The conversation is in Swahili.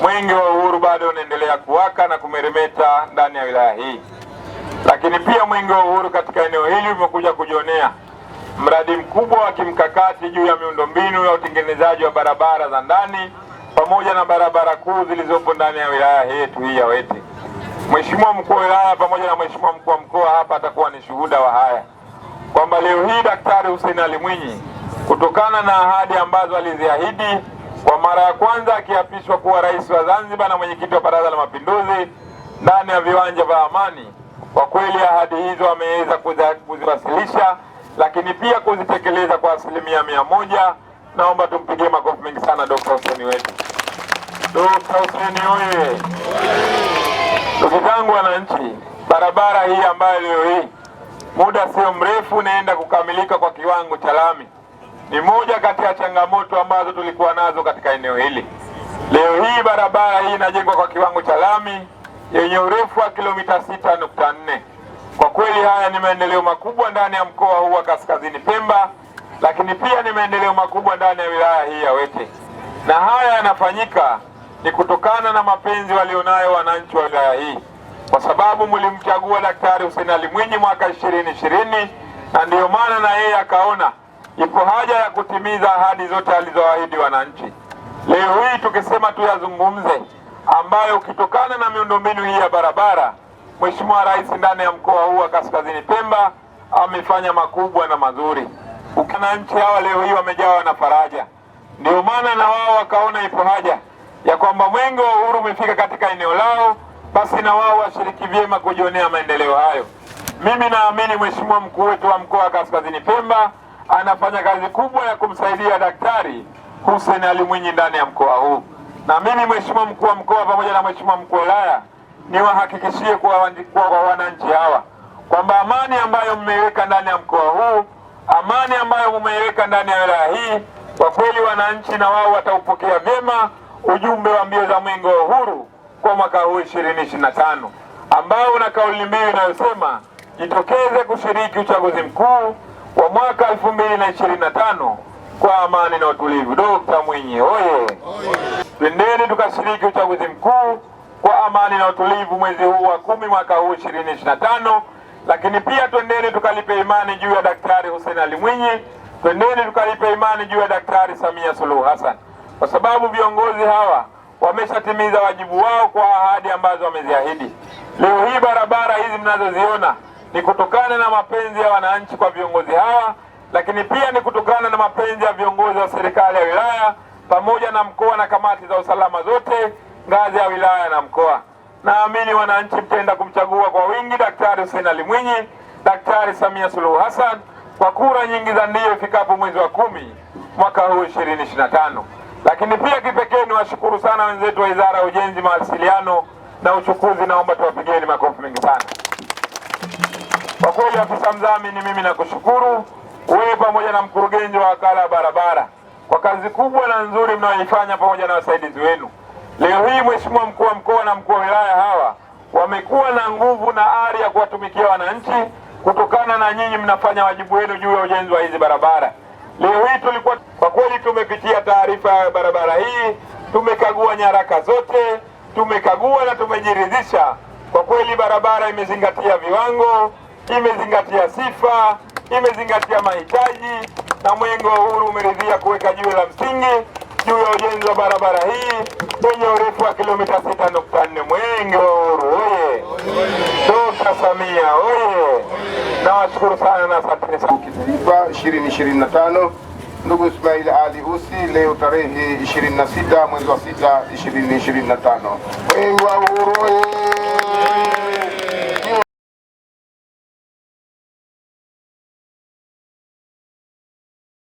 mwenge wa uhuru bado unaendelea kuwaka na kumeremeta ndani ya wilaya hii, lakini pia mwenge wa uhuru katika eneo hili umekuja kujionea mradi mkubwa wa kimkakati juu ya miundombinu ya utengenezaji wa barabara za ndani pamoja na barabara kuu zilizopo ndani ya wilaya yetu hii ya Wete. Mheshimiwa mkuu wa wilaya pamoja na mheshimiwa mkuu wa mkoa hapa atakuwa ni shuhuda wa haya kwamba leo hii Daktari Hussein Ali Mwinyi kutokana na ahadi ambazo aliziahidi kwa mara ya kwanza akiapishwa kuwa rais wa Zanzibar na mwenyekiti wa Baraza la Mapinduzi ndani ya viwanja vya Amani. Kwa kweli ahadi hizo ameweza kuziwasilisha, lakini pia kuzitekeleza kwa asilimia mia moja. Naomba tumpigie makofi mengi sana Dr. Hussein wetu. Dr. Hussein oye! Ndugu zangu wananchi, barabara hii ambayo leo hii muda sio mrefu naenda kukamilika kwa kiwango cha lami ni moja kati ya changamoto ambazo tulikuwa nazo katika eneo hili. Leo hii barabara hii inajengwa kwa kiwango cha lami yenye urefu wa kilomita sita nukta nne. Kwa kweli haya ni maendeleo makubwa ndani ya mkoa huu wa Kaskazini Pemba, lakini pia ni maendeleo makubwa ndani ya wilaya hii ya Wete, na haya yanafanyika ni kutokana na mapenzi walionayo wananchi wa wilaya hii, kwa sababu mlimchagua Daktari Hussein Ali Mwinyi mwaka ishirini ishirini na ndiyo maana na yeye akaona iko haja ya kutimiza ahadi zote alizoahidi wananchi. Leo hii tukisema tuyazungumze, ambayo ukitokana na miundombinu hii ya barabara, Mheshimiwa Rais ndani ya mkoa huu wa Kaskazini Pemba amefanya makubwa na mazuri. Wananchi hawa leo hii wamejawa na faraja, ndio maana na wao wakaona ipo haja ya kwamba mwenge wa uhuru umefika katika eneo lao, basi na wao washiriki vyema kujionea maendeleo hayo. Mimi naamini Mheshimiwa mkuu wetu wa mkoa wa Kaskazini Pemba anafanya kazi kubwa ya kumsaidia Daktari Hussein Ali Mwinyi ndani ya mkoa huu, na mimi Mheshimiwa mkuu wa mkoa pamoja na Mheshimiwa mkuu wa wilaya niwahakikishie kwa, kwa wananchi hawa kwamba amani ambayo mmeiweka ndani ya mkoa huu, amani ambayo mmeiweka ndani ya wilaya hii, kwa kweli wananchi na wao wataupokea vyema ujumbe wa mbio za mwenge wa uhuru kwa mwaka huu ishirini ambao una kauli mbiu inayosema jitokeze kushiriki uchaguzi mkuu kwa mwaka 2025 kwa amani na utulivu. Dokta Mwinyi oye! Twendeni tukashiriki uchaguzi mkuu kwa amani na utulivu mwezi huu wa kumi mwaka huu 2025, lakini pia twendeni tukalipe imani juu ya Daktari Hussein Ali Mwinyi, twendeni tukalipe imani juu ya Daktari Samia Suluhu Hassan, kwa sababu viongozi hawa wameshatimiza wajibu wao kwa ahadi ambazo wameziahidi. Leo hii barabara hizi mnazoziona ni kutokana na mapenzi ya wananchi kwa viongozi hawa, lakini pia ni kutokana na mapenzi ya viongozi wa serikali ya wilaya pamoja na mkoa na kamati za usalama zote ngazi ya wilaya na mkoa. Naamini wananchi mtenda kumchagua kwa wingi Daktari Hussein Ali Mwinyi, Daktari Samia Suluhu Hassan kwa kura nyingi za ndio ifikapo mwezi wa kumi mwaka huu 2025. Lakini pia kipekee ni washukuru sana wenzetu wa Wizara ya Ujenzi, Mawasiliano na Uchukuzi. Naomba tuwapigeni makofi mengi sana. Kwa kweli, afisa mdhamini, mimi nakushukuru wewe pamoja na mkurugenzi wa wakala ya barabara kwa kazi kubwa na nzuri mnayoifanya pamoja na wasaidizi wenu. Leo hii Mheshimiwa mkuu wa mkoa na mkuu wa wilaya hawa wamekuwa na nguvu na ari ya kuwatumikia wananchi kutokana na nyinyi mnafanya wajibu wenu juu ya ujenzi wa hizi barabara. Leo hii tulikuwa kwa kweli tumepitia taarifa ya barabara hii, tumekagua nyaraka zote, tumekagua na tumejiridhisha kwa kweli barabara imezingatia viwango imezingatia sifa, imezingatia mahitaji na mwengo wa uhuru umeridhia kuweka jiwe la msingi juu ya ujenzi wa barabara hii wenye urefu wa kilomita 6.4. Mwenge wa Uhuru oye! Dkt. Samia oye! Nawashukuru sana na asanteni sana. Kitaifa 2025 Ndugu Ismail Ali Usi, leo tarehe 26 mwezi wa 6 2025. Mwenge wa Uhuru oye!